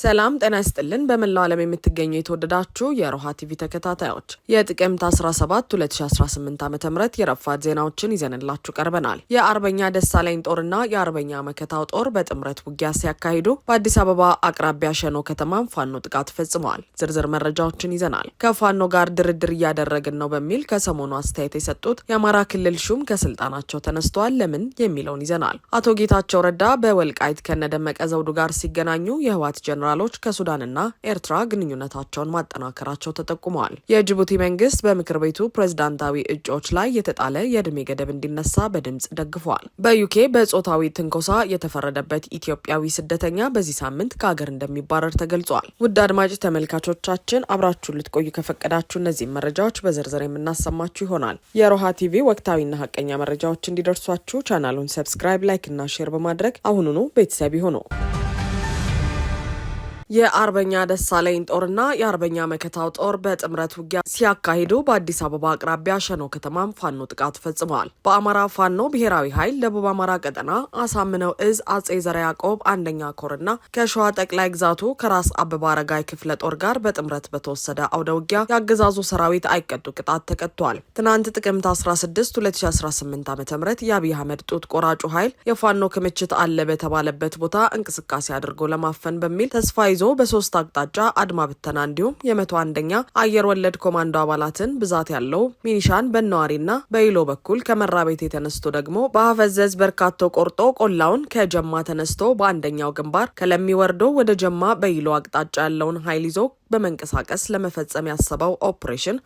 ሰላም ጤና ይስጥልን። በመላው ዓለም የምትገኙ የተወደዳችሁ የሮሃ ቲቪ ተከታታዮች የጥቅምት 17 2018 ዓ ም የረፋድ ዜናዎችን ይዘንላችሁ ቀርበናል። የአርበኛ ደሳለኝ ጦርና የአርበኛ መከታው ጦር በጥምረት ውጊያ ሲያካሂዱ በአዲስ አበባ አቅራቢያ ሸኖ ከተማም ፋኖ ጥቃት ፈጽመዋል። ዝርዝር መረጃዎችን ይዘናል። ከፋኖ ጋር ድርድር እያደረግን ነው በሚል ከሰሞኑ አስተያየት የሰጡት የአማራ ክልል ሹም ከስልጣናቸው ተነስተዋል ለምን የሚለውን ይዘናል። አቶ ጌታቸው ረዳ በወልቃይት ከነደመቀ ዘውዱ ጋር ሲገናኙ የህወሓት ጀነራል ጄኔራሎች ከሱዳንና ኤርትራ ግንኙነታቸውን ማጠናከራቸው ተጠቁመዋል። የጅቡቲ መንግስት በምክር ቤቱ ፕሬዝዳንታዊ እጩዎች ላይ የተጣለ የእድሜ ገደብ እንዲነሳ በድምፅ ደግፏል። በዩኬ በጾታዊ ትንኮሳ የተፈረደበት ኢትዮጵያዊ ስደተኛ በዚህ ሳምንት ከሀገር እንደሚባረር ተገልጿል። ውድ አድማጭ ተመልካቾቻችን አብራችሁን ልትቆዩ ከፈቀዳችሁ እነዚህም መረጃዎች በዝርዝር የምናሰማችሁ ይሆናል። የሮሃ ቲቪ ወቅታዊና ሀቀኛ መረጃዎች እንዲደርሷችሁ ቻናሉን ሰብስክራይብ፣ ላይክ እና ሼር በማድረግ አሁኑኑ ቤተሰብ ይሁኑ። የአርበኛ ደሳለኝ ጦርና የአርበኛ መከታው ጦር በጥምረት ውጊያ ሲያካሂዱ በአዲስ አበባ አቅራቢያ ሸኖ ከተማም ፋኖ ጥቃት ፈጽመዋል። በአማራ ፋኖ ብሔራዊ ኃይል ደቡብ አማራ ቀጠና አሳምነው እዝ አጼ ዘረ ያዕቆብ አንደኛ ኮርና ከሸዋ ጠቅላይ ግዛቱ ከራስ አበባ አረጋይ ክፍለ ጦር ጋር በጥምረት በተወሰደ አውደ ውጊያ የአገዛዙ ሰራዊት አይቀጡ ቅጣት ተቀጥቷል። ትናንት ጥቅምት 16 2018 ዓ ም የአብይ አህመድ ጡት ቆራጩ ኃይል የፋኖ ክምችት አለ በተባለበት ቦታ እንቅስቃሴ አድርጎ ለማፈን በሚል ተስፋ ተያይዞ በሶስት አቅጣጫ አድማ ብተና እንዲሁም የመቶ አንደኛ አየር ወለድ ኮማንዶ አባላትን ብዛት ያለው ሚኒሻን በነዋሪና በይሎ በኩል ከመራ ቤት ተነስቶ ደግሞ በአፈዘዝ በርካቶ ቆርጦ ቆላውን ከጀማ ተነስቶ በአንደኛው ግንባር ከለሚወርዶ ወደ ጀማ በይሎ አቅጣጫ ያለውን ኃይል ይዞ በመንቀሳቀስ ለመፈጸም ያሰበው ኦፕሬሽን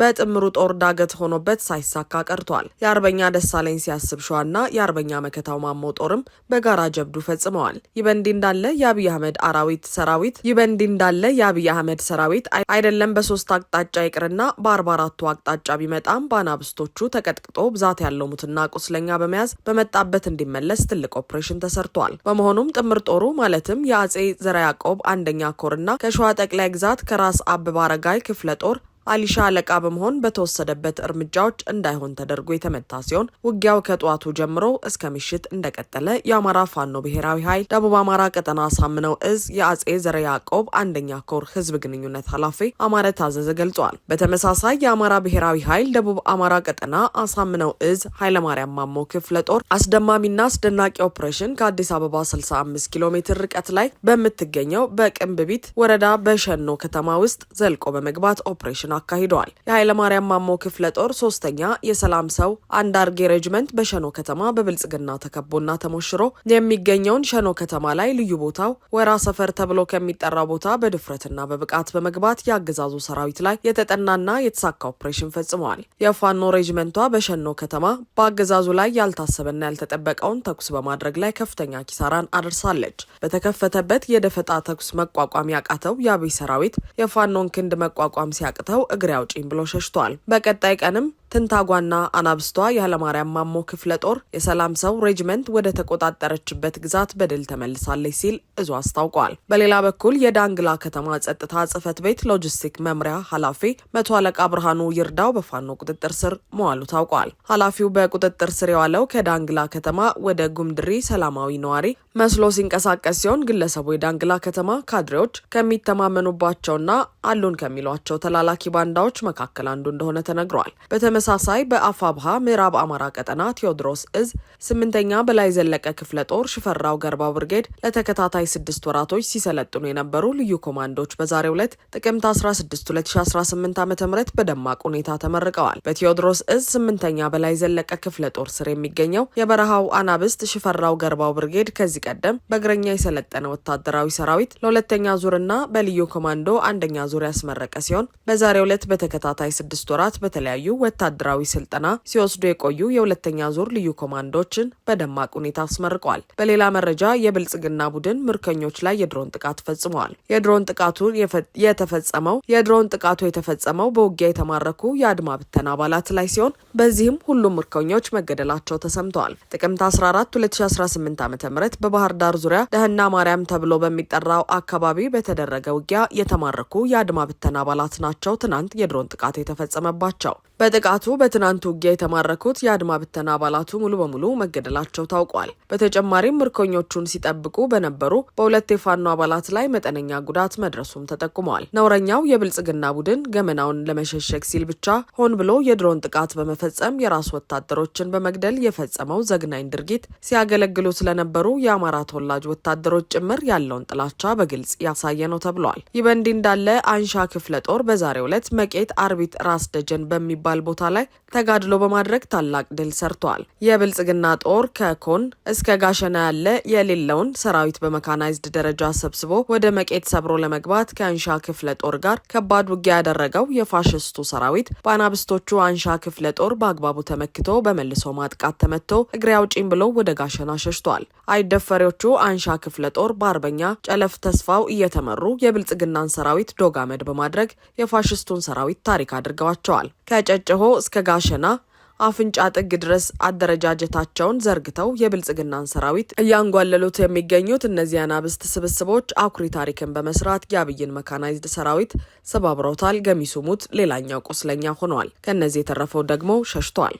በጥምሩ ጦር ዳገት ሆኖበት ሳይሳካ ቀርቷል። የአርበኛ ደሳለኝ ሲያስብ ሸዋና የአርበኛ መከታው ማሞ ጦርም በጋራ ጀብዱ ፈጽመዋል። ይበንዲ እንዳለ የአብይ አህመድ አራዊት ሰራዊት ይበንዲ እንዳለ የአብይ አህመድ ሰራዊት አይደለም በሶስት አቅጣጫ ይቅርና በአርባ አራቱ አቅጣጫ ቢመጣም በአናብስቶቹ ተቀጥቅጦ ብዛት ያለው ሙትና ቁስለኛ በመያዝ በመጣበት እንዲመለስ ትልቅ ኦፕሬሽን ተሰርቷል። በመሆኑም ጥምር ጦሩ ማለትም የአጼ ዘራ ያዕቆብ አንደኛ ኮርና ከሸዋ ጠቅላይ ግዛት ከራስ አበበ አረጋይ ክፍለ ጦር አሊሻ አለቃ በመሆን በተወሰደበት እርምጃዎች እንዳይሆን ተደርጎ የተመታ ሲሆን ውጊያው ከጠዋቱ ጀምሮ እስከ ምሽት እንደቀጠለ የአማራ ፋኖ ብሔራዊ ኃይል ደቡብ አማራ ቀጠና አሳምነው እዝ የአጼ ዘረ ያዕቆብ አንደኛ ኮር ህዝብ ግንኙነት ኃላፊ አማረ ታዘዘ ገልጿል። በተመሳሳይ የአማራ ብሔራዊ ኃይል ደቡብ አማራ ቀጠና አሳምነው እዝ ኃይለማርያም ማሞ ክፍለ ጦር አስደማሚና አስደናቂ ኦፕሬሽን ከአዲስ አበባ 65 ኪሎ ሜትር ርቀት ላይ በምትገኘው በቅንብቢት ወረዳ በሸኖ ከተማ ውስጥ ዘልቆ በመግባት ኦፕሬሽን አካሂደዋል። የኃይለማርያም ማሞ ክፍለ ጦር ሶስተኛ የሰላም ሰው አንድ አርጌ ሬጅመንት በሸኖ ከተማ በብልጽግና ተከቦና ተሞሽሮ የሚገኘውን ሸኖ ከተማ ላይ ልዩ ቦታው ወራ ሰፈር ተብሎ ከሚጠራው ቦታ በድፍረትና በብቃት በመግባት የአገዛዙ ሰራዊት ላይ የተጠናና የተሳካ ኦፕሬሽን ፈጽመዋል። የፋኖ ሬጅመንቷ በሸኖ ከተማ በአገዛዙ ላይ ያልታሰበና ያልተጠበቀውን ተኩስ በማድረግ ላይ ከፍተኛ ኪሳራን አድርሳለች። በተከፈተበት የደፈጣ ተኩስ መቋቋም ያቃተው የአብይ ሰራዊት የፋኖን ክንድ መቋቋም ሲያቅተው እግሬ አውጪኝ ብሎ ሸሽቷል። በቀጣይ ቀንም ትንታጓና አናብስቷ የኃይለማርያም ማሞ ክፍለ ጦር የሰላም ሰው ሬጅመንት ወደ ተቆጣጠረችበት ግዛት በድል ተመልሳለች ሲል እዙ አስታውቋል። በሌላ በኩል የዳንግላ ከተማ ጸጥታ ጽህፈት ቤት ሎጂስቲክ መምሪያ ኃላፊ መቶ አለቃ ብርሃኑ ይርዳው በፋኖ ቁጥጥር ስር መዋሉ ታውቋል። ኃላፊው በቁጥጥር ስር የዋለው ከዳንግላ ከተማ ወደ ጉምድሪ ሰላማዊ ነዋሪ መስሎ ሲንቀሳቀስ ሲሆን ግለሰቡ የዳንግላ ከተማ ካድሬዎች ከሚተማመኑባቸውና አሉን ከሚሏቸው ተላላኪ ባንዳዎች መካከል አንዱ እንደሆነ ተነግሯል። በተመሳሳይ በአፋብሃ ምዕራብ አማራ ቀጠና ቴዎድሮስ እዝ ስምንተኛ በላይ ዘለቀ ክፍለ ጦር ሽፈራው ገርባ ብርጌድ ለተከታታይ ስድስት ወራቶች ሲሰለጥኑ የነበሩ ልዩ ኮማንዶች በዛሬው ዕለት ጥቅምት 16 2018 ዓ ም በደማቅ ሁኔታ ተመርቀዋል። በቴዎድሮስ እዝ ስምንተኛ በላይ ዘለቀ ክፍለ ጦር ስር የሚገኘው የበረሃው አናብስት ሽፈራው ገርባው ብርጌድ ከዚህ ቀደም በእግረኛ የሰለጠነ ወታደራዊ ሰራዊት ለሁለተኛ ዙርና በልዩ ኮማንዶ አንደኛ ዙር ያስመረቀ ሲሆን በዛሬ በዛሬው ዕለት በተከታታይ ስድስት ወራት በተለያዩ ወታደራዊ ስልጠና ሲወስዱ የቆዩ የሁለተኛ ዙር ልዩ ኮማንዶዎችን በደማቅ ሁኔታ አስመርቀዋል። በሌላ መረጃ የብልጽግና ቡድን ምርኮኞች ላይ የድሮን ጥቃት ፈጽመዋል። የድሮን ጥቃቱ የተፈጸመው የድሮን ጥቃቱ የተፈጸመው በውጊያ የተማረኩ የአድማ ብተና አባላት ላይ ሲሆን በዚህም ሁሉም ምርኮኞች መገደላቸው ተሰምተዋል። ጥቅምት 14 2018 ዓ ም በባህር ዳር ዙሪያ ደህና ማርያም ተብሎ በሚጠራው አካባቢ በተደረገ ውጊያ የተማረኩ የአድማ ብተና አባላት ናቸው ነው ትናንት የድሮን ጥቃት የተፈጸመባቸው። በጥቃቱ በትናንቱ ውጊያ የተማረኩት የአድማ ብተና አባላቱ ሙሉ በሙሉ መገደላቸው ታውቋል። በተጨማሪም ምርኮኞቹን ሲጠብቁ በነበሩ በሁለት የፋኖ አባላት ላይ መጠነኛ ጉዳት መድረሱም ተጠቁመዋል። ነውረኛው የብልጽግና ቡድን ገመናውን ለመሸሸግ ሲል ብቻ ሆን ብሎ የድሮን ጥቃት በመፈጸም የራሱ ወታደሮችን በመግደል የፈጸመው ዘግናኝ ድርጊት ሲያገለግሉ ስለነበሩ የአማራ ተወላጅ ወታደሮች ጭምር ያለውን ጥላቻ በግልጽ ያሳየ ነው ተብሏል። ይህ በእንዲህ እንዳለ አንሻ ክፍለ ጦር በዛሬው ዕለት መቄት አርቢት ራስ ደጀን በሚባል በሚባል ቦታ ላይ ተጋድሎ በማድረግ ታላቅ ድል ሰርቷል። የብልጽግና ጦር ከኮን እስከ ጋሸና ያለ የሌለውን ሰራዊት በመካናይዝድ ደረጃ ሰብስቦ ወደ መቄት ሰብሮ ለመግባት ከአንሻ ክፍለ ጦር ጋር ከባድ ውጊያ ያደረገው የፋሽስቱ ሰራዊት በአናብስቶቹ አንሻ ክፍለ ጦር በአግባቡ ተመክቶ በመልሶ ማጥቃት ተመቶ እግሬ አውጪኝ ብሎ ወደ ጋሸና ሸሽቷል። አይደፈሪዎቹ አንሻ ክፍለ ጦር በአርበኛ ጨለፍ ተስፋው እየተመሩ የብልጽግናን ሰራዊት ዶጋመድ በማድረግ የፋሽስቱን ሰራዊት ታሪክ አድርገዋቸዋል። ከጨ ከጨጨሆ እስከ ጋሸና አፍንጫ ጥግ ድረስ አደረጃጀታቸውን ዘርግተው የብልጽግናን ሰራዊት እያንጓለሉት የሚገኙት እነዚህ አናብስት ስብስቦች አኩሪ ታሪክን በመስራት የአብይን መካናይዝድ ሰራዊት ሰባብረውታል። ገሚሱ ሙት ሌላኛው ቁስለኛ ሆኗል። ከእነዚህ የተረፈው ደግሞ ሸሽቷል።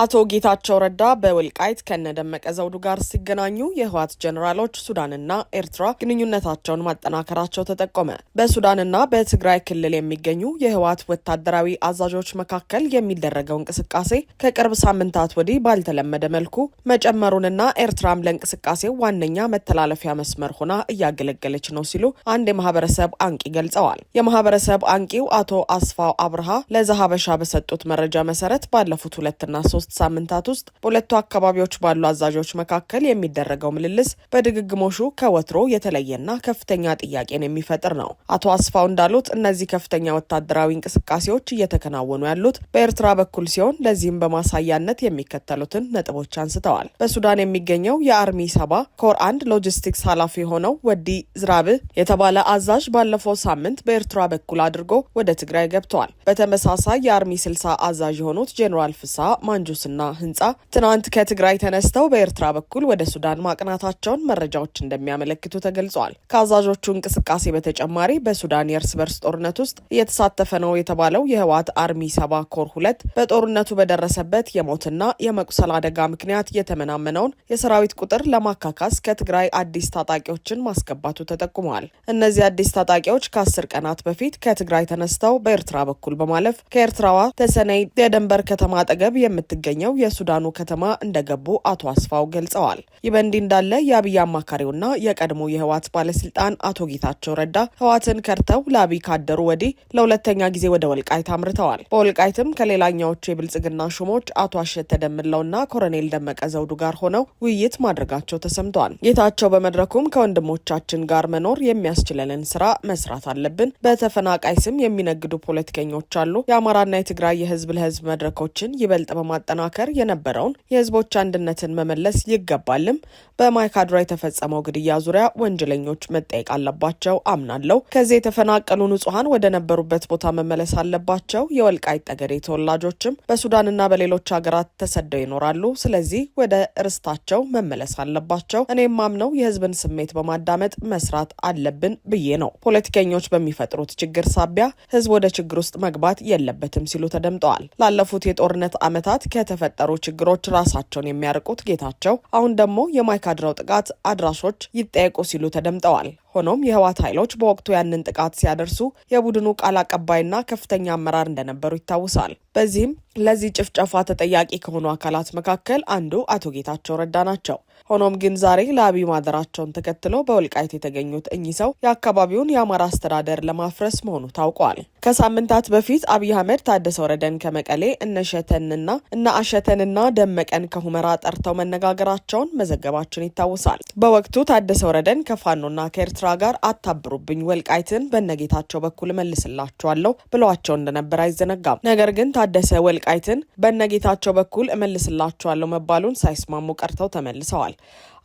አቶ ጌታቸው ረዳ በወልቃይት ከነደመቀ ዘውዱ ጋር ሲገናኙ የህወሓት ጀኔራሎች ሱዳንና ኤርትራ ግንኙነታቸውን ማጠናከራቸው ተጠቆመ። በሱዳንና በትግራይ ክልል የሚገኙ የህወሓት ወታደራዊ አዛዦች መካከል የሚደረገው እንቅስቃሴ ከቅርብ ሳምንታት ወዲህ ባልተለመደ መልኩ መጨመሩንና ኤርትራም ለእንቅስቃሴው ዋነኛ መተላለፊያ መስመር ሆና እያገለገለች ነው ሲሉ አንድ የማህበረሰብ አንቂ ገልጸዋል። የማህበረሰብ አንቂው አቶ አስፋው አብርሃ ለዘሀበሻ በሰጡት መረጃ መሰረት ባለፉት ሁለትና ሶስት በሶስት ሳምንታት ውስጥ በሁለቱ አካባቢዎች ባሉ አዛዦች መካከል የሚደረገው ምልልስ በድግግሞሹ ከወትሮ የተለየና ከፍተኛ ጥያቄን የሚፈጥር ነው። አቶ አስፋው እንዳሉት እነዚህ ከፍተኛ ወታደራዊ እንቅስቃሴዎች እየተከናወኑ ያሉት በኤርትራ በኩል ሲሆን ለዚህም በማሳያነት የሚከተሉትን ነጥቦች አንስተዋል። በሱዳን የሚገኘው የአርሚ ሰባ ኮር አንድ ሎጂስቲክስ ኃላፊ የሆነው ወዲ ዝራብ የተባለ አዛዥ ባለፈው ሳምንት በኤርትራ በኩል አድርጎ ወደ ትግራይ ገብተዋል። በተመሳሳይ የአርሚ ስልሳ አዛዥ የሆኑት ጄኔራል ፍሳ ማንጁ ቅዱስና ህንጻ ትናንት ከትግራይ ተነስተው በኤርትራ በኩል ወደ ሱዳን ማቅናታቸውን መረጃዎች እንደሚያመለክቱ ተገልጿል። ከአዛዦቹ እንቅስቃሴ በተጨማሪ በሱዳን የእርስ በርስ ጦርነት ውስጥ እየተሳተፈ ነው የተባለው የህወሓት አርሚ ሰባ ኮር ሁለት በጦርነቱ በደረሰበት የሞትና የመቁሰል አደጋ ምክንያት የተመናመነውን የሰራዊት ቁጥር ለማካካስ ከትግራይ አዲስ ታጣቂዎችን ማስገባቱ ተጠቁመዋል። እነዚህ አዲስ ታጣቂዎች ከአስር ቀናት በፊት ከትግራይ ተነስተው በኤርትራ በኩል በማለፍ ከኤርትራዋ ተሰነይ የደንበር ከተማ አጠገብ የምትገ ወደሚገኘው የሱዳኑ ከተማ እንደገቡ አቶ አስፋው ገልጸዋል። ይህ በእንዲህ እንዳለ የአብይ አማካሪውና የቀድሞ የህዋት ባለስልጣን አቶ ጌታቸው ረዳ ህዋትን ከርተው ለአብይ ካደሩ ወዲህ ለሁለተኛ ጊዜ ወደ ወልቃይት አምርተዋል። በወልቃይትም ከሌላኛዎቹ የብልጽግና ሹሞች አቶ አሸት ተደምለውና ኮሎኔል ደመቀ ዘውዱ ጋር ሆነው ውይይት ማድረጋቸው ተሰምተዋል። ጌታቸው በመድረኩም ከወንድሞቻችን ጋር መኖር የሚያስችለንን ስራ መስራት አለብን። በተፈናቃይ ስም የሚነግዱ ፖለቲከኞች አሉ። የአማራና የትግራይ የህዝብ ለህዝብ መድረኮችን ይበልጥ በማ ማጠናከር የነበረውን የህዝቦች አንድነትን መመለስ ይገባልም። በማይካድራ የተፈጸመው ግድያ ዙሪያ ወንጀለኞች መጠየቅ አለባቸው አምናለሁ። ከዚህ የተፈናቀሉ ንጹሐን ወደ ነበሩበት ቦታ መመለስ አለባቸው። የወልቃይት ጠገዴ ተወላጆችም በሱዳንና በሌሎች ሀገራት ተሰደው ይኖራሉ። ስለዚህ ወደ ርስታቸው መመለስ አለባቸው። እኔም አምነው የህዝብን ስሜት በማዳመጥ መስራት አለብን ብዬ ነው። ፖለቲከኞች በሚፈጥሩት ችግር ሳቢያ ህዝብ ወደ ችግር ውስጥ መግባት የለበትም ሲሉ ተደምጠዋል። ላለፉት የጦርነት አመታት ከተፈጠሩ ችግሮች ራሳቸውን የሚያርቁት ጌታቸው አሁን ደግሞ የማይካድራው ጥቃት አድራሾች ይጠየቁ ሲሉ ተደምጠዋል። ሆኖም የህወሓት ኃይሎች በወቅቱ ያንን ጥቃት ሲያደርሱ የቡድኑ ቃል አቀባይና ከፍተኛ አመራር እንደነበሩ ይታወሳል። በዚህም ለዚህ ጭፍጨፋ ተጠያቂ ከሆኑ አካላት መካከል አንዱ አቶ ጌታቸው ረዳ ናቸው። ሆኖም ግን ዛሬ ለአብይ ማደራቸውን ተከትሎ በወልቃይት የተገኙት እኚህ ሰው የአካባቢውን የአማራ አስተዳደር ለማፍረስ መሆኑ ታውቋል። ከሳምንታት በፊት አብይ አህመድ ታደሰ ወረደን ከመቀሌ እነሸተንና እነ አሸተንና ደመቀን ከሁመራ ጠርተው መነጋገራቸውን መዘገባችን ይታወሳል። በወቅቱ ታደሰ ወረደን ከፋኖና ከኤርትራ ከኤርትራ ጋር አታብሩብኝ፣ ወልቃይትን በነጌታቸው በኩል እመልስላቸዋለሁ ብለዋቸው እንደነበር አይዘነጋም። ነገር ግን ታደሰ ወልቃይትን በነጌታቸው በኩል እመልስላቸዋለሁ መባሉን ሳይስማሙ ቀርተው ተመልሰዋል።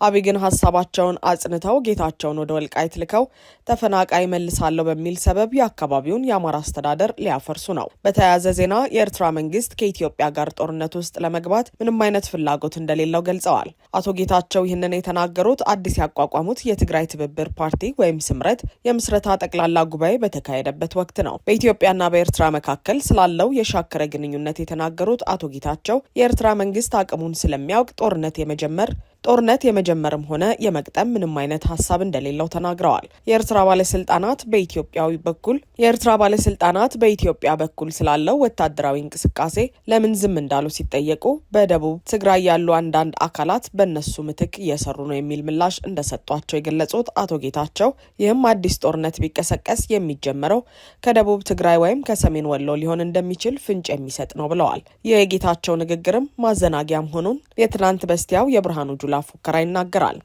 አብይ ግን ሀሳባቸውን አጽንተው ጌታቸውን ወደ ወልቃይት ልከው ተፈናቃይ መልሳለሁ በሚል ሰበብ የአካባቢውን የአማራ አስተዳደር ሊያፈርሱ ነው። በተያያዘ ዜና የኤርትራ መንግስት ከኢትዮጵያ ጋር ጦርነት ውስጥ ለመግባት ምንም አይነት ፍላጎት እንደሌለው ገልጸዋል። አቶ ጌታቸው ይህንን የተናገሩት አዲስ ያቋቋሙት የትግራይ ትብብር ፓርቲ ወይም ስምረት የምስረታ ጠቅላላ ጉባኤ በተካሄደበት ወቅት ነው። በኢትዮጵያና በኤርትራ መካከል ስላለው የሻከረ ግንኙነት የተናገሩት አቶ ጌታቸው የኤርትራ መንግስት አቅሙን ስለሚያውቅ ጦርነት የመጀመር ጦርነት የመጀመርም ሆነ የመቅጠም ምንም አይነት ሀሳብ እንደሌለው ተናግረዋል። የኤርትራ ባለስልጣናት በኢትዮጵያዊ በኩል የኤርትራ ባለስልጣናት በኢትዮጵያ በኩል ስላለው ወታደራዊ እንቅስቃሴ ለምን ዝም እንዳሉ ሲጠየቁ በደቡብ ትግራይ ያሉ አንዳንድ አካላት በእነሱ ምትክ እየሰሩ ነው የሚል ምላሽ እንደሰጧቸው የገለጹት አቶ ጌታቸው ይህም አዲስ ጦርነት ቢቀሰቀስ የሚጀመረው ከደቡብ ትግራይ ወይም ከሰሜን ወሎ ሊሆን እንደሚችል ፍንጭ የሚሰጥ ነው ብለዋል። የጌታቸው ንግግርም ማዘናጊያ መሆኑን የትናንት በስቲያው የብርሃኑ ጁላ ፉከራ ይናገራል።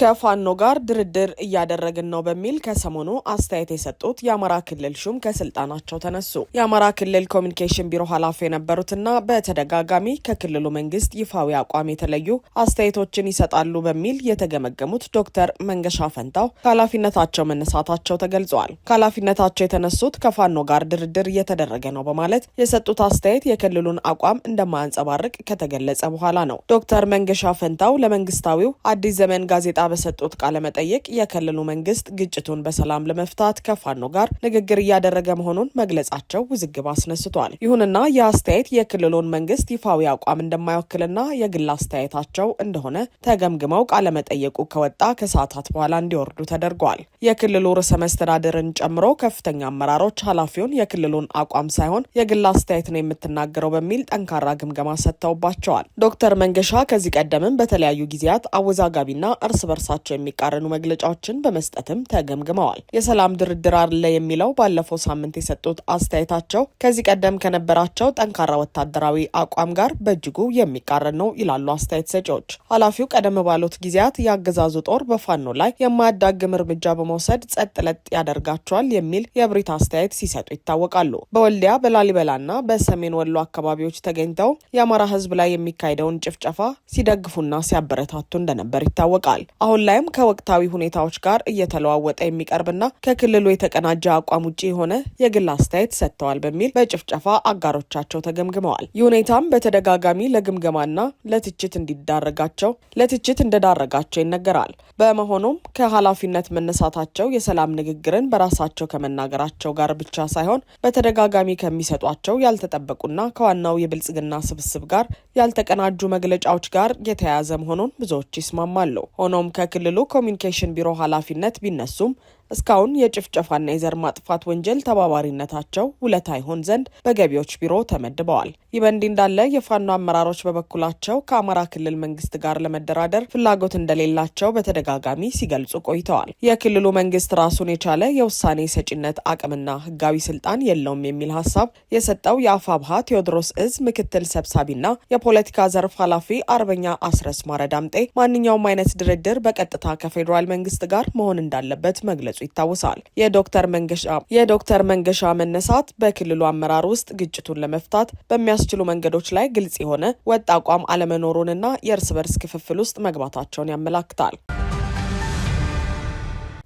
ከፋኖ ጋር ድርድር እያደረግን ነው በሚል ከሰሞኑ አስተያየት የሰጡት የአማራ ክልል ሹም ከስልጣናቸው ተነሱ። የአማራ ክልል ኮሚኒኬሽን ቢሮ ኃላፊ የነበሩትና በተደጋጋሚ ከክልሉ መንግስት ይፋዊ አቋም የተለዩ አስተያየቶችን ይሰጣሉ በሚል የተገመገሙት ዶክተር መንገሻ ፈንታው ከኃላፊነታቸው መነሳታቸው ተገልጿል። ከኃላፊነታቸው የተነሱት ከፋኖ ጋር ድርድር እየተደረገ ነው በማለት የሰጡት አስተያየት የክልሉን አቋም እንደማያንጸባርቅ ከተገለጸ በኋላ ነው። ዶክተር መንገሻ ፈንታው ለመንግስታዊው አዲስ ዘመን ጋዜጣ በሰጡት ቃለ መጠይቅ የክልሉ መንግስት ግጭቱን በሰላም ለመፍታት ከፋኖ ጋር ንግግር እያደረገ መሆኑን መግለጻቸው ውዝግብ አስነስቷል። ይሁንና የአስተያየት የክልሉን መንግስት ይፋዊ አቋም እንደማይወክልና የግል አስተያየታቸው እንደሆነ ተገምግመው መጠየቁ ከወጣ ከሰዓታት በኋላ እንዲወርዱ ተደርጓል። የክልሉ ርዕሰ መስተዳድርን ጨምሮ ከፍተኛ አመራሮች ኃላፊውን የክልሉን አቋም ሳይሆን የግል አስተያየት ነው የምትናገረው በሚል ጠንካራ ግምገማ ሰጥተውባቸዋል። ዶክተር መንገሻ ከዚህ ቀደምም በተለያዩ ጊዜያት አወዛጋቢና እርስ በ እርሳቸው የሚቃረኑ መግለጫዎችን በመስጠትም ተገምግመዋል። የሰላም ድርድር አለ የሚለው ባለፈው ሳምንት የሰጡት አስተያየታቸው ከዚህ ቀደም ከነበራቸው ጠንካራ ወታደራዊ አቋም ጋር በእጅጉ የሚቃረን ነው ይላሉ አስተያየት ሰጪዎች። ኃላፊው ቀደም ባሉት ጊዜያት የአገዛዙ ጦር በፋኖ ላይ የማያዳግም እርምጃ በመውሰድ ጸጥ ለጥ ያደርጋቸዋል የሚል የእብሪት አስተያየት ሲሰጡ ይታወቃሉ። በወልዲያ በላሊበላና በሰሜን ወሎ አካባቢዎች ተገኝተው የአማራ ሕዝብ ላይ የሚካሄደውን ጭፍጨፋ ሲደግፉና ሲያበረታቱ እንደነበር ይታወቃል። አሁን ላይም ከወቅታዊ ሁኔታዎች ጋር እየተለዋወጠ የሚቀርብና ከክልሉ የተቀናጀ አቋም ውጭ የሆነ የግል አስተያየት ሰጥተዋል በሚል በጭፍጨፋ አጋሮቻቸው ተገምግመዋል። ይህ ሁኔታም በተደጋጋሚ ለግምገማና ለትችት እንዲዳረጋቸው ለትችት እንደዳረጋቸው ይነገራል። በመሆኑም ከኃላፊነት መነሳታቸው የሰላም ንግግርን በራሳቸው ከመናገራቸው ጋር ብቻ ሳይሆን በተደጋጋሚ ከሚሰጧቸው ያልተጠበቁና ከዋናው የብልጽግና ስብስብ ጋር ያልተቀናጁ መግለጫዎች ጋር የተያያዘ መሆኑን ብዙዎች ይስማማሉ። ሆኖም ከክልሉ ኮሚኒኬሽን ቢሮ ኃላፊነት ቢነሱም እስካሁን የጭፍጨፋና የዘር ማጥፋት ወንጀል ተባባሪነታቸው ውለታ ይሆን ዘንድ በገቢዎች ቢሮ ተመድበዋል። ይህ በእንዲህ እንዳለ የፋኖ አመራሮች በበኩላቸው ከአማራ ክልል መንግስት ጋር ለመደራደር ፍላጎት እንደሌላቸው በተደጋጋሚ ሲገልጹ ቆይተዋል። የክልሉ መንግስት ራሱን የቻለ የውሳኔ ሰጪነት አቅምና ህጋዊ ስልጣን የለውም የሚል ሀሳብ የሰጠው የአፋብሃ ቴዎድሮስ እዝ ምክትል ሰብሳቢና የፖለቲካ ዘርፍ ኃላፊ አርበኛ አስረስ ማረ ዳምጤ ማንኛውም አይነት ድርድር በቀጥታ ከፌዴራል መንግስት ጋር መሆን እንዳለበት መግለጹ መግለጹ ይታወሳል። የዶክተር መንገሻ መነሳት በክልሉ አመራር ውስጥ ግጭቱን ለመፍታት በሚያስችሉ መንገዶች ላይ ግልጽ የሆነ ወጥ አቋም አለመኖሩንና የእርስ በርስ ክፍፍል ውስጥ መግባታቸውን ያመላክታል።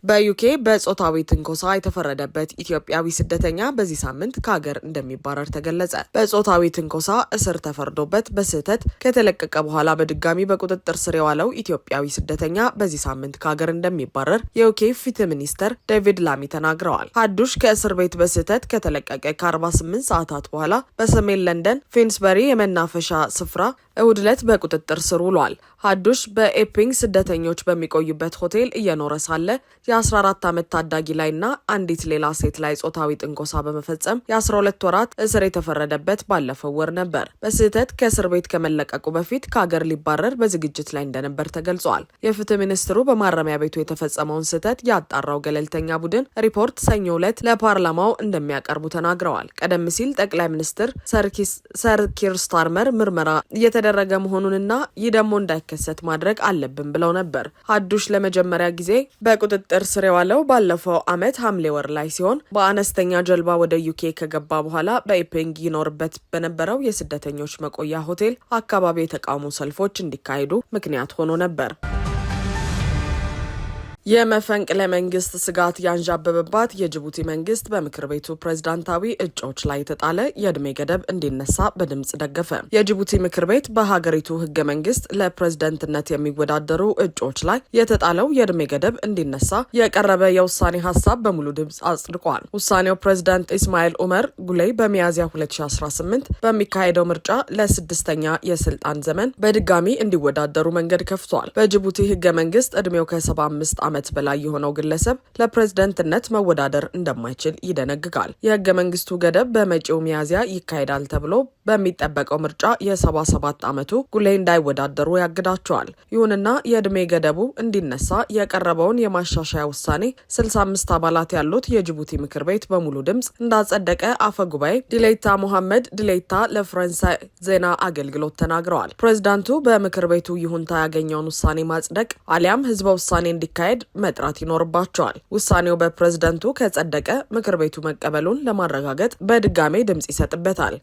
በዩኬ በጾታዊ ትንኮሳ የተፈረደበት ኢትዮጵያዊ ስደተኛ በዚህ ሳምንት ከሀገር እንደሚባረር ተገለጸ። በጾታዊ ትንኮሳ እስር ተፈርዶበት በስህተት ከተለቀቀ በኋላ በድጋሚ በቁጥጥር ስር የዋለው ኢትዮጵያዊ ስደተኛ በዚህ ሳምንት ከሀገር እንደሚባረር የዩኬ ፍትህ ሚኒስተር ዴቪድ ላሚ ተናግረዋል። ሀዱሽ ከእስር ቤት በስህተት ከተለቀቀ ከ48 ሰዓታት በኋላ በሰሜን ለንደን ፊንስበሪ የመናፈሻ ስፍራ እሁድ ዕለት በቁጥጥር ስር ውሏል። ሀዱሽ በኤፒንግ ስደተኞች በሚቆዩበት ሆቴል እየኖረ ሳለ የ14 ዓመት ታዳጊ ላይና አንዲት ሌላ ሴት ላይ ጾታዊ ጥንኮሳ በመፈጸም የ12 ወራት እስር የተፈረደበት ባለፈው ወር ነበር። በስህተት ከእስር ቤት ከመለቀቁ በፊት ከሀገር ሊባረር በዝግጅት ላይ እንደነበር ተገልጿል። የፍትህ ሚኒስትሩ በማረሚያ ቤቱ የተፈጸመውን ስህተት ያጣራው ገለልተኛ ቡድን ሪፖርት ሰኞ ዕለት ለፓርላማው እንደሚያቀርቡ ተናግረዋል። ቀደም ሲል ጠቅላይ ሚኒስትር ሰር ኪር ስታርመር ምርመራ የተደረገ መሆኑንና ይህ ደግሞ እንዳይከሰት ማድረግ አለብን ብለው ነበር። ሀዱሽ ለመጀመሪያ ጊዜ በቁጥጥር ስር የዋለው ባለፈው ዓመት ሐምሌ ወር ላይ ሲሆን በአነስተኛ ጀልባ ወደ ዩኬ ከገባ በኋላ በኢፒንግ ይኖርበት በነበረው የስደተኞች መቆያ ሆቴል አካባቢ የተቃውሞ ሰልፎች እንዲካሄዱ ምክንያት ሆኖ ነበር። የመፈንቅለ መንግስት ስጋት ያንዣበበባት የጅቡቲ መንግስት በምክር ቤቱ ፕሬዝዳንታዊ እጩዎች ላይ የተጣለ የእድሜ ገደብ እንዲነሳ በድምፅ ደገፈ። የጅቡቲ ምክር ቤት በሀገሪቱ ህገ መንግስት ለፕሬዝደንትነት የሚወዳደሩ እጩዎች ላይ የተጣለው የእድሜ ገደብ እንዲነሳ የቀረበ የውሳኔ ሀሳብ በሙሉ ድምፅ አጽድቋል። ውሳኔው ፕሬዝዳንት ኢስማኤል ኡመር ጉሌይ በሚያዝያ 2018 በሚካሄደው ምርጫ ለስድስተኛ የስልጣን ዘመን በድጋሚ እንዲወዳደሩ መንገድ ከፍቷል። በጅቡቲ ህገ መንግስት እድሜው ከ75 ዓመት በላይ የሆነው ግለሰብ ለፕሬዝደንትነት መወዳደር እንደማይችል ይደነግጋል። የህገ መንግስቱ ገደብ በመጪው ሚያዝያ ይካሄዳል ተብሎ በሚጠበቀው ምርጫ የ77 ዓመቱ ጉሌ እንዳይወዳደሩ ያግዳቸዋል። ይሁንና የዕድሜ ገደቡ እንዲነሳ የቀረበውን የማሻሻያ ውሳኔ 65 አባላት ያሉት የጅቡቲ ምክር ቤት በሙሉ ድምፅ እንዳጸደቀ አፈ ጉባኤ ዲሌታ ሙሐመድ ዲሌታ ለፈረንሳይ ዜና አገልግሎት ተናግረዋል። ፕሬዝዳንቱ በምክር ቤቱ ይሁንታ ያገኘውን ውሳኔ ማጽደቅ አሊያም ህዝበ ውሳኔ እንዲካሄድ መንገድ መጥራት ይኖርባቸዋል። ውሳኔው በፕሬዝደንቱ ከጸደቀ ምክር ቤቱ መቀበሉን ለማረጋገጥ በድጋሜ ድምጽ ይሰጥበታል።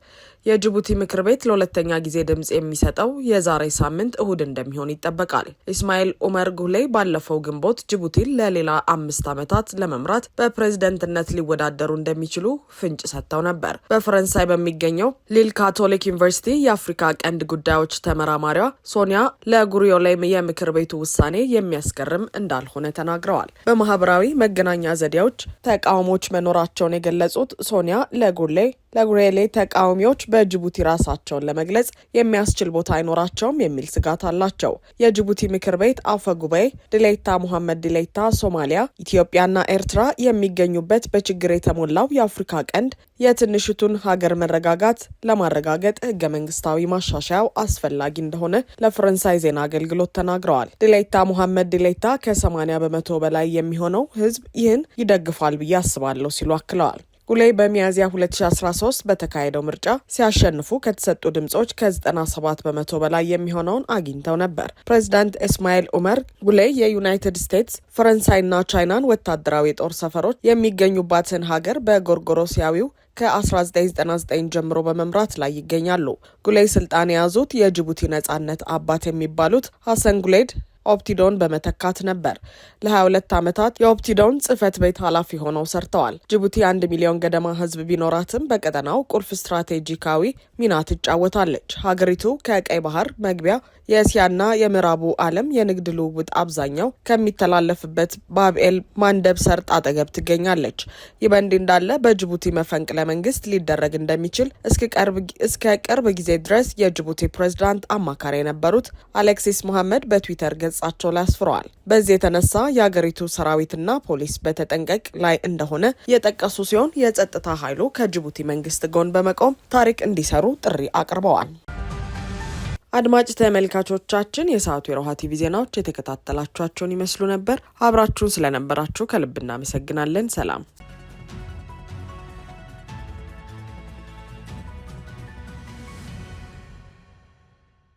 የጅቡቲ ምክር ቤት ለሁለተኛ ጊዜ ድምፅ የሚሰጠው የዛሬ ሳምንት እሁድ እንደሚሆን ይጠበቃል። ኢስማኤል ኡመር ጉሌ ባለፈው ግንቦት ጅቡቲን ለሌላ አምስት ዓመታት ለመምራት በፕሬዝደንትነት ሊወዳደሩ እንደሚችሉ ፍንጭ ሰጥተው ነበር። በፈረንሳይ በሚገኘው ሊል ካቶሊክ ዩኒቨርሲቲ የአፍሪካ ቀንድ ጉዳዮች ተመራማሪዋ ሶኒያ ለጉሪዮሌም የምክር ቤቱ ውሳኔ የሚያስገርም እንዳልሆነ ተናግረዋል። በማህበራዊ መገናኛ ዘዴዎች ተቃውሞች መኖራቸውን የገለጹት ሶኒያ ለጉሌ ለጉሬሌ ተቃዋሚዎች በጅቡቲ ራሳቸውን ለመግለጽ የሚያስችል ቦታ አይኖራቸውም የሚል ስጋት አላቸው። የጅቡቲ ምክር ቤት አፈ ጉባኤ ድሌታ ሙሐመድ ድሌታ ሶማሊያ፣ ኢትዮጵያና ኤርትራ የሚገኙበት በችግር የተሞላው የአፍሪካ ቀንድ የትንሽቱን ሀገር መረጋጋት ለማረጋገጥ ህገ መንግስታዊ ማሻሻያው አስፈላጊ እንደሆነ ለፈረንሳይ ዜና አገልግሎት ተናግረዋል። ድሌታ ሙሐመድ ድሌታ ከ80 በመቶ በላይ የሚሆነው ህዝብ ይህን ይደግፋል ብዬ አስባለሁ ሲሉ አክለዋል። ጉሌ በሚያዝያ 2013 በተካሄደው ምርጫ ሲያሸንፉ ከተሰጡ ድምጾች ከ97 በመቶ በላይ የሚሆነውን አግኝተው ነበር። ፕሬዚዳንት እስማኤል ኡመር ጉሌ የዩናይትድ ስቴትስ ፈረንሳይና ቻይናን ወታደራዊ የጦር ሰፈሮች የሚገኙባትን ሀገር በጎርጎሮሲያዊው ከ1999 ጀምሮ በመምራት ላይ ይገኛሉ። ጉሌ ስልጣን የያዙት የጅቡቲ ነጻነት አባት የሚባሉት ሀሰን ጉሌድ ኦፕቲዶን በመተካት ነበር። ለ22 ዓመታት የኦፕቲዶን ጽህፈት ቤት ኃላፊ ሆነው ሰርተዋል። ጅቡቲ አንድ ሚሊዮን ገደማ ህዝብ ቢኖራትም በቀጠናው ቁልፍ ስትራቴጂካዊ ሚና ትጫወታለች። ሀገሪቱ ከቀይ ባህር መግቢያ የእስያና የምዕራቡ ዓለም የንግድ ልውውጥ አብዛኛው ከሚተላለፍበት ባብኤል ማንደብ ሰርጥ አጠገብ ትገኛለች። ይህ በእንዲህ እንዳለ በጅቡቲ መፈንቅለ መንግስት ሊደረግ እንደሚችል እስከ ቅርብ ጊዜ ድረስ የጅቡቲ ፕሬዝዳንት አማካሪ የነበሩት አሌክሲስ መሐመድ በትዊተር ገጽ ገጻቸው ላይ አስፍረዋል። በዚህ የተነሳ የአገሪቱ ሰራዊትና ፖሊስ በተጠንቀቅ ላይ እንደሆነ የጠቀሱ ሲሆን የጸጥታ ኃይሉ ከጅቡቲ መንግስት ጎን በመቆም ታሪክ እንዲሰሩ ጥሪ አቅርበዋል። አድማጭ ተመልካቾቻችን የሰዓቱ የሮሃ ቲቪ ዜናዎች የተከታተላችኋቸውን ይመስሉ ነበር። አብራችሁን ስለነበራችሁ ከልብ እናመሰግናለን። ሰላም